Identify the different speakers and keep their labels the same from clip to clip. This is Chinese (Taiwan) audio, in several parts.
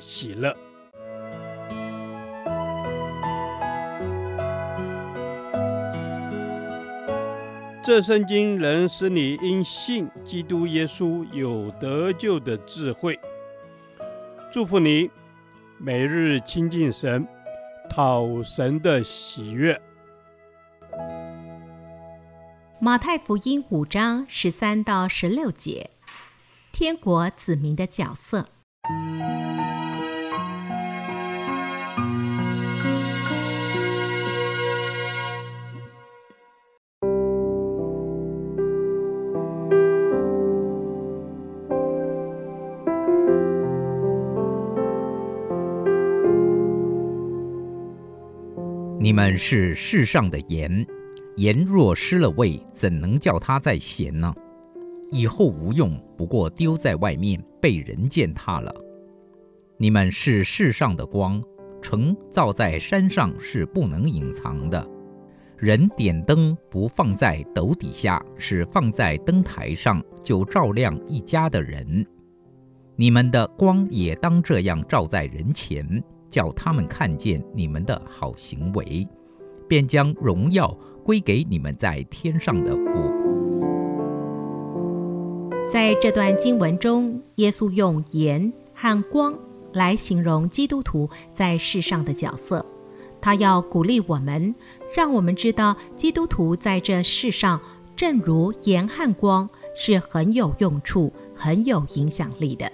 Speaker 1: 喜樂。這聖經能使你因信基督耶穌有得救的智慧。祝福你，每日親近神，討神的喜悅。
Speaker 2: 馬太福音五章十三到十六節，天國子民的角色。
Speaker 3: 你們是世上的鹽，鹽若失了味，怎能叫它再鹹呢？以後無用，不過丟在外面，被人踐踏了。你們是世上的光，城造在山上是不能隱藏的。人點燈不放在斗底下，是放在燈台上，就照亮一家的人。你們的光也當這樣照在人前。叫他們看見你們的好行為，便將榮耀歸給你們在天上的父。
Speaker 2: 在這段經文中，耶穌用鹽和光來形容基督徒在世上的角色。他要鼓勵我們，讓我們知道基督徒在這世上，正如鹽和光，是很有用處、很有影響力的。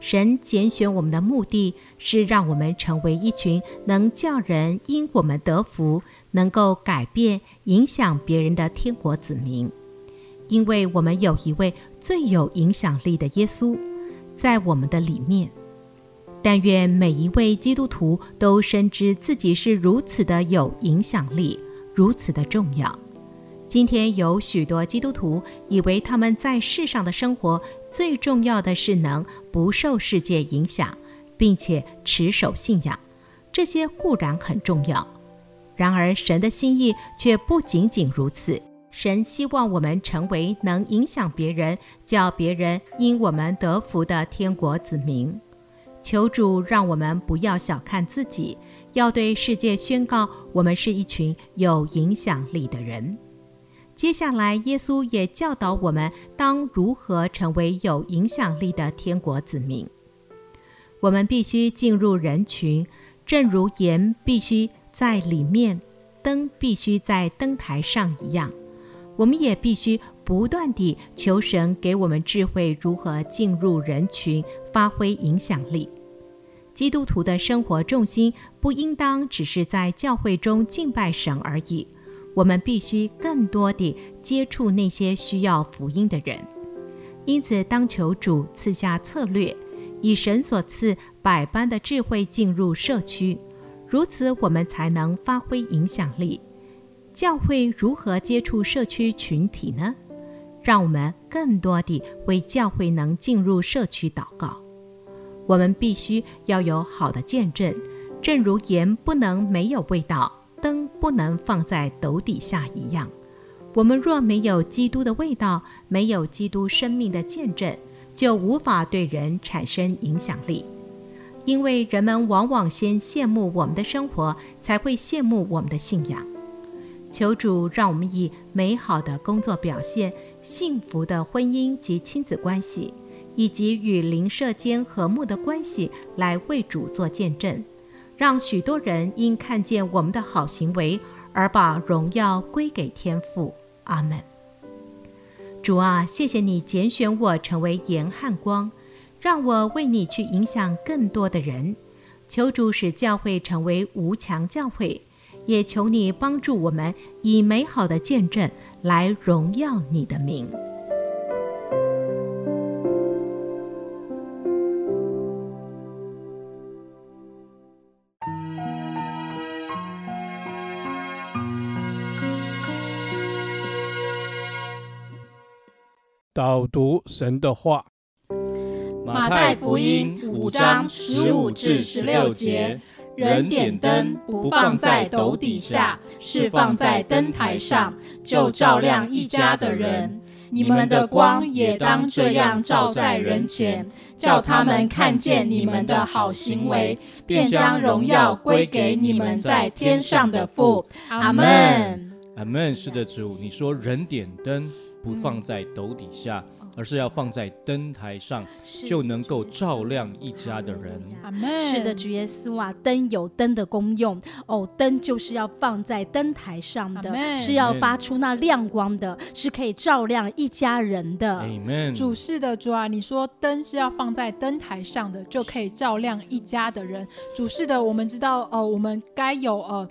Speaker 2: 神揀選我們的目的是讓我們成為一群能叫人因我們得福、能夠改變、影響別人的天國子民，因為我們有一位最有影響力的耶穌在我們的裡面。但願每一位基督徒都深知自己是如此的有影響力，如此的重要。今天有許多基督徒以為他們在世上的生活，最重要的是能不受世界影響，並且持守信仰，這些固然很重要。然而，神的心意卻不僅僅如此。神希望我們成為能影響別人、叫別人因我們得福的天國子民。求主讓我們不要小看自己，要對世界宣告：我們是一群有影響力的人。接下來，耶穌也教導我們當如何成為有影響力的天國子民。我們必須進入人群，正如鹽必須在裡面，燈必須在燈台上一樣。我們也必須不斷地求神給我們智慧，如何進入人群，發揮影響力。基督徒的生活重心不應當只是在教會中敬拜神而已。我們必須更多地接觸那些需要福音的人。因此，當求主賜下策略，以神所賜百般的智慧進入社區，如此我們才能發揮影響力。教會如何接觸社區群體呢？讓我們更多地為教會能進入社區禱告。我們必須要有好的見證，正如鹽不能沒有味道。燈不能放在斗底下一樣，我們若沒有基督的味道，沒有基督生命的見證，就無法對人產生影響力。因為人們往往先羨慕我們的生活，才會羨慕我們的信仰。求主讓我們以美好的工作表現、幸福的婚姻及親子關係，以及與鄰舍間和睦的關係，來為主做見證。讓許多人因看見我們的好行為而把榮耀歸給天父。阿門。主啊，謝謝你揀選我成為鹽和光，讓我為你去影響更多的人。求主使教會成為無牆教會，也求你幫助我們以美好的見證來榮耀你的名。
Speaker 1: 導讀神的話，《馬太福音》五章十五至十六節：人點燈不放在斗底下，
Speaker 4: 是放在燈臺上，就照亮一家的人。你們的光也當這樣照在人前，叫他們看見你們的好行為，便將榮耀歸給你們在天上的父。阿門。
Speaker 3: 阿門。是的，主，你說人點燈。嗯、不放在斗底下，嗯、而是要放在燈台上，是就能夠照亮一家的人。
Speaker 4: 是的，主耶穌啊，燈有燈的功用，哦，燈就是要放在燈台上的，啊、是要發出那亮光的，是可以照亮一家人的。Amen Amen 主是的，主啊，你說燈是要放在燈台上的，就可以照亮一家的人。是是是是主是的，我們知道，呃，我們該有呃。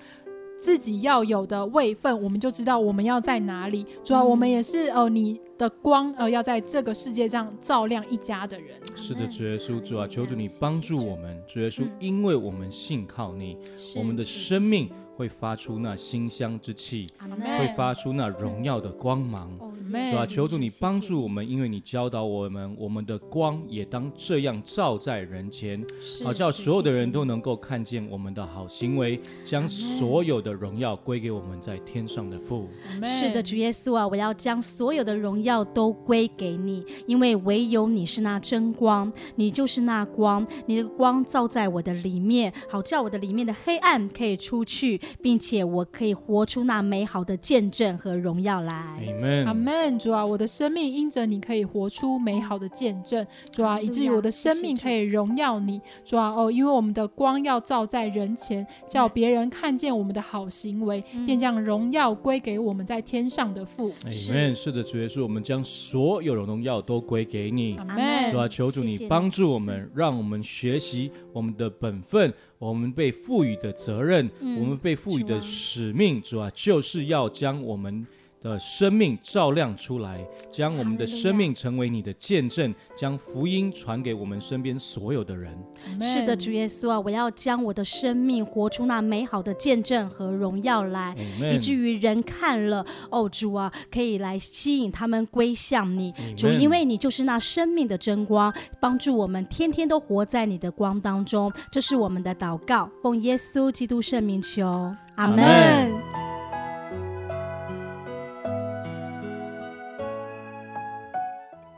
Speaker 4: 自己要有的位分，我們就知道我們要在哪裡。主啊，我們也是哦、嗯呃，你的光，呃，要在這個世界上照亮一家的人。
Speaker 3: 是的，主耶穌，主啊，求主你幫助我們，主耶穌，因為我們信靠你，嗯、我們的生命。會發出那馨香之氣，阿們。會發出那榮耀的光芒，是吧，阿們，啊？求主你幫助我們，因為你教導我們，我們的光也當這樣照在人前，是好叫所有的人都能夠看見我們的好行為，阿們。將所有的榮耀歸給我們在天上的父。
Speaker 4: 阿們。是的，主耶穌啊，我要將所有的榮耀都歸給你，因為唯有你是那真光，你就是那光，你的光照在我的裡面，好叫我的裡面的黑暗可以出去。並且我可以活出那美好的見證和榮耀來。阿們，Amen，主啊，我的生命因着你可以活出美好的見證，主啊，Amen, 以至於我的生命可以榮耀你，謝謝主啊，哦，因為我們的光要照在人前，叫別人看見我們的好行為，嗯，便將榮耀歸給我們在天上的父。阿
Speaker 3: 門，是的，主耶穌，我們將所有的榮耀都歸給你。阿們，Amen，主啊，求主你幫助我們，謝謝讓我們學習我們的本分。我們被賦予的責任，嗯、我們被賦予的使命，主要、啊啊、就是要將我們，的生命照亮出來，將我們的生命成為你的見證，將福音傳給我們身邊所有的人。Amen.
Speaker 4: 是的，主耶穌啊，我要將我的生命活出那美好的見證和榮耀來，Amen. 以至於人看了，哦，主啊，可以來吸引他們歸向你。Amen. 主，因為你就是那生命的真光，幫助我們天天都活在你的光當中。這是我們的禱告，奉耶穌基督聖名求，阿門。